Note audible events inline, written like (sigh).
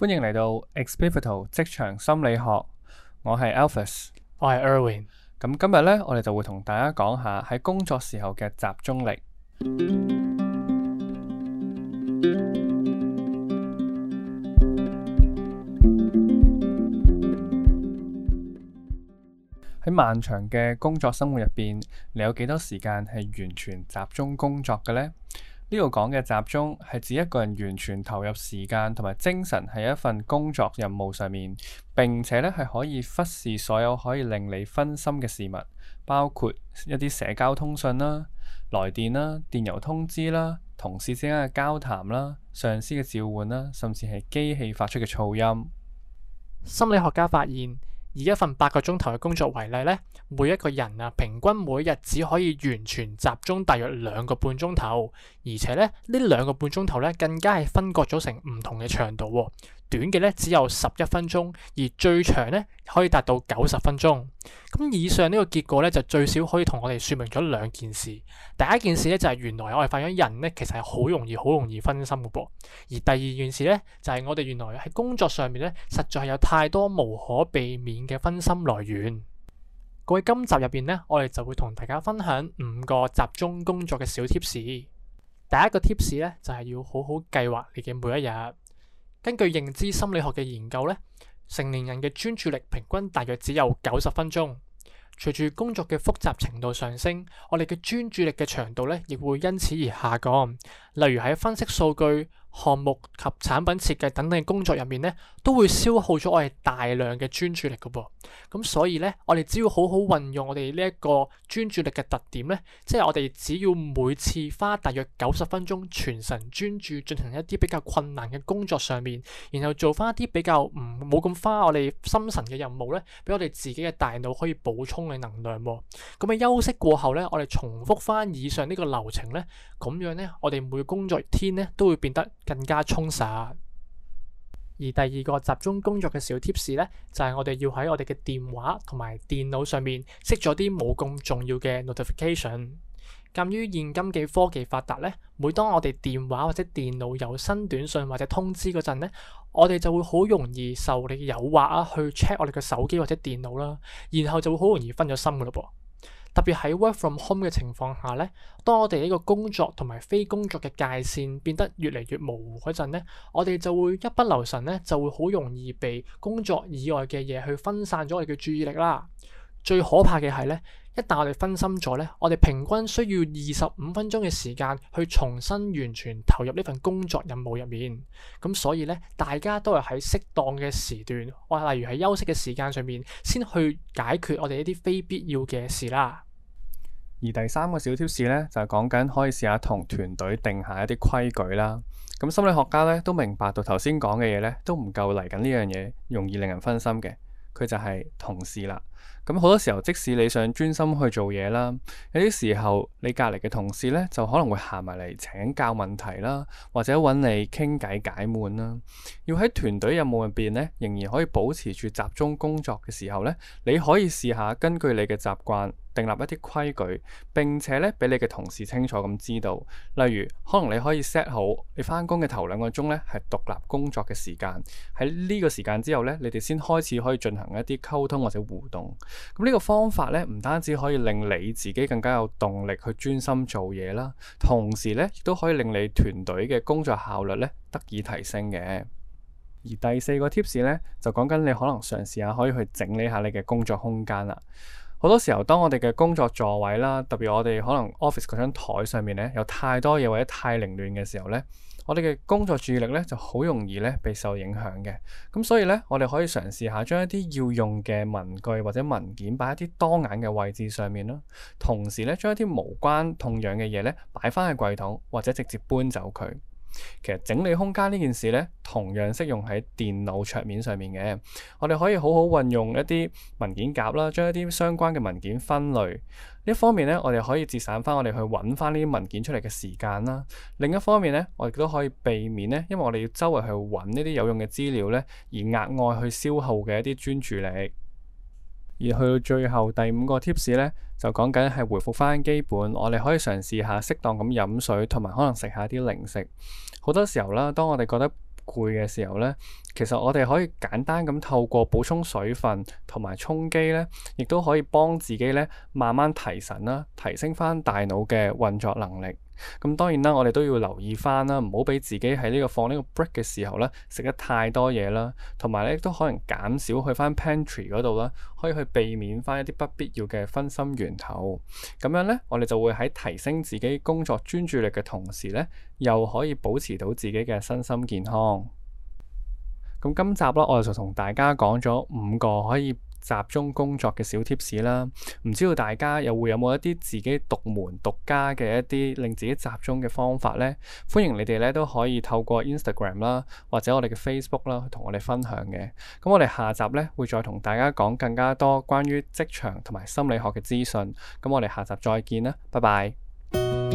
歡迎嚟到 XPivotal 職場心理學，我係 Alfus，我係 Erwin。咁今日呢，我哋就會同大家講下喺工作時候嘅集中力。喺 (music) 漫長嘅工作生活入邊，你有幾多時間係完全集中工作嘅呢？呢度講嘅集中係指一個人完全投入時間同埋精神喺一份工作任務上面，並且咧係可以忽視所有可以令你分心嘅事物，包括一啲社交通訊啦、來電啦、電郵通知啦、同事之間嘅交談啦、上司嘅召喚啦，甚至係機器發出嘅噪音。心理學家發現，以一份八個鐘頭嘅工作為例呢，每一個人啊，平均每日只可以完全集中大約兩個半鐘頭，而且呢，呢兩個半鐘頭呢更加係分割咗成唔同嘅長度喎、哦。短嘅咧只有十一分鐘，而最長咧可以達到九十分鐘。咁以上呢個結果咧就最少可以同我哋說明咗兩件事。第一件事咧就係原來我哋發現人咧其實係好容易好容易分心嘅噃，而第二件事咧就係我哋原來喺工作上面咧實在係有太多無可避免嘅分心來源。各位今集入邊咧，我哋就會同大家分享五個集中工作嘅小 tips。第一個 tips 咧就係要好好計劃你嘅每一日。根據認知心理學嘅研究咧，成年人嘅專注力平均大約只有九十分鐘。隨住工作嘅複雜程度上升，我哋嘅專注力嘅長度咧，亦會因此而下降。例如，喺分析數據。項目及產品設計等等嘅工作入面咧，都會消耗咗我哋大量嘅專注力噶噃、哦。咁所以咧，我哋只要好好運用我哋呢一個專注力嘅特點咧，即係我哋只要每次花大約九十分鐘全神專注進行一啲比較困難嘅工作上面，然後做翻一啲比較唔冇咁花我哋心神嘅任務咧，俾我哋自己嘅大腦可以補充嘅能量、哦。咁喺休息過後咧，我哋重複翻以上呢個流程咧，咁樣咧，我哋每工作天咧都會變得。更加充實。而第二個集中工作嘅小 tips 咧，就係、是、我哋要喺我哋嘅電話同埋電腦上面熄咗啲冇咁重要嘅 notification。鑑於現今嘅科技發達咧，每當我哋電話或者電腦有新短信或者通知嗰陣咧，我哋就會好容易受你誘惑啊，去 check 我哋嘅手機或者電腦啦，然後就會好容易分咗心噶咯噃。特別喺 work from home 嘅情況下咧，當我哋呢個工作同埋非工作嘅界線變得越嚟越模糊嗰陣咧，我哋就會一不留神咧，就會好容易被工作以外嘅嘢去分散咗我哋嘅注意力啦。最可怕嘅係呢，一旦我哋分心咗呢，我哋平均需要二十五分鐘嘅時間去重新完全投入呢份工作任務入面。咁所以呢，大家都係喺適當嘅時段，或例如喺休息嘅時間上面，先去解決我哋一啲非必要嘅事啦。而第三個小 tips 呢，就係講緊可以試下同團隊定下一啲規矩啦。咁心理學家呢都明白到頭先講嘅嘢呢都唔夠，嚟緊呢樣嘢容易令人分心嘅，佢就係同事啦。咁好、嗯、多時候，即使你想專心去做嘢啦，有啲時候你隔籬嘅同事呢，就可能會行埋嚟請教問題啦，或者揾你傾偈解悶啦。要喺團隊任務入邊呢，仍然可以保持住集中工作嘅時候呢，你可以試下根據你嘅習慣訂立一啲規矩，並且呢，俾你嘅同事清楚咁知道。例如，可能你可以 set 好你翻工嘅頭兩個鐘呢，係獨立工作嘅時間，喺呢個時間之後呢，你哋先開始可以進行一啲溝通或者互動。咁呢個方法咧，唔單止可以令你自己更加有動力去專心做嘢啦，同時咧亦都可以令你團隊嘅工作效率咧得以提升嘅。而第四個 tips 咧，就講緊你可能嘗試下可以去整理下你嘅工作空間啦。好多時候，當我哋嘅工作座位啦，特別我哋可能 office 嗰張台上面咧，有太多嘢或者太凌亂嘅時候咧，我哋嘅工作注意力咧就好容易咧被受影響嘅。咁所以咧，我哋可以嘗試下將一啲要用嘅文具或者文件擺喺一啲當眼嘅位置上面啦。同時咧，將一啲無關痛癢嘅嘢咧擺翻喺櫃桶或者直接搬走佢。其實整理空間呢件事呢，同樣適用喺電腦桌面上面嘅。我哋可以好好運用一啲文件夾啦，將一啲相關嘅文件分類。一方面呢，我哋可以節省翻我哋去揾翻呢啲文件出嚟嘅時間啦。另一方面呢，我亦都可以避免呢，因為我哋要周圍去揾呢啲有用嘅資料呢，而額外去消耗嘅一啲專注力。而去到最後第五個 tips 咧，就講緊係回復翻基本。我哋可以嘗試下適當咁飲水，同埋可能食下啲零食。好多時候啦，當我哋覺得攰嘅時候呢，其實我哋可以簡單咁透過補充水分同埋充飢呢，亦都可以幫自己呢慢慢提神啦，提升翻大腦嘅運作能力。咁當然啦，我哋都要留意翻啦，唔好俾自己喺呢個放呢個 break 嘅時候咧食得太多嘢啦，同埋咧都可能減少去翻 pantry 嗰度啦，可以去避免翻一啲不必要嘅分心源頭。咁樣咧，我哋就會喺提升自己工作專注力嘅同時咧，又可以保持到自己嘅身心健康。咁今集啦，我就同大家講咗五個可以集中工作嘅小貼士啦，唔知道大家又會有冇一啲自己獨門獨家嘅一啲令自己集中嘅方法呢？歡迎你哋咧都可以透過 Instagram 啦，或者我哋嘅 Facebook 啦，同我哋分享嘅。咁我哋下集呢，會再同大家講更加多關於職場同埋心理學嘅資訊。咁我哋下集再見啦，拜拜。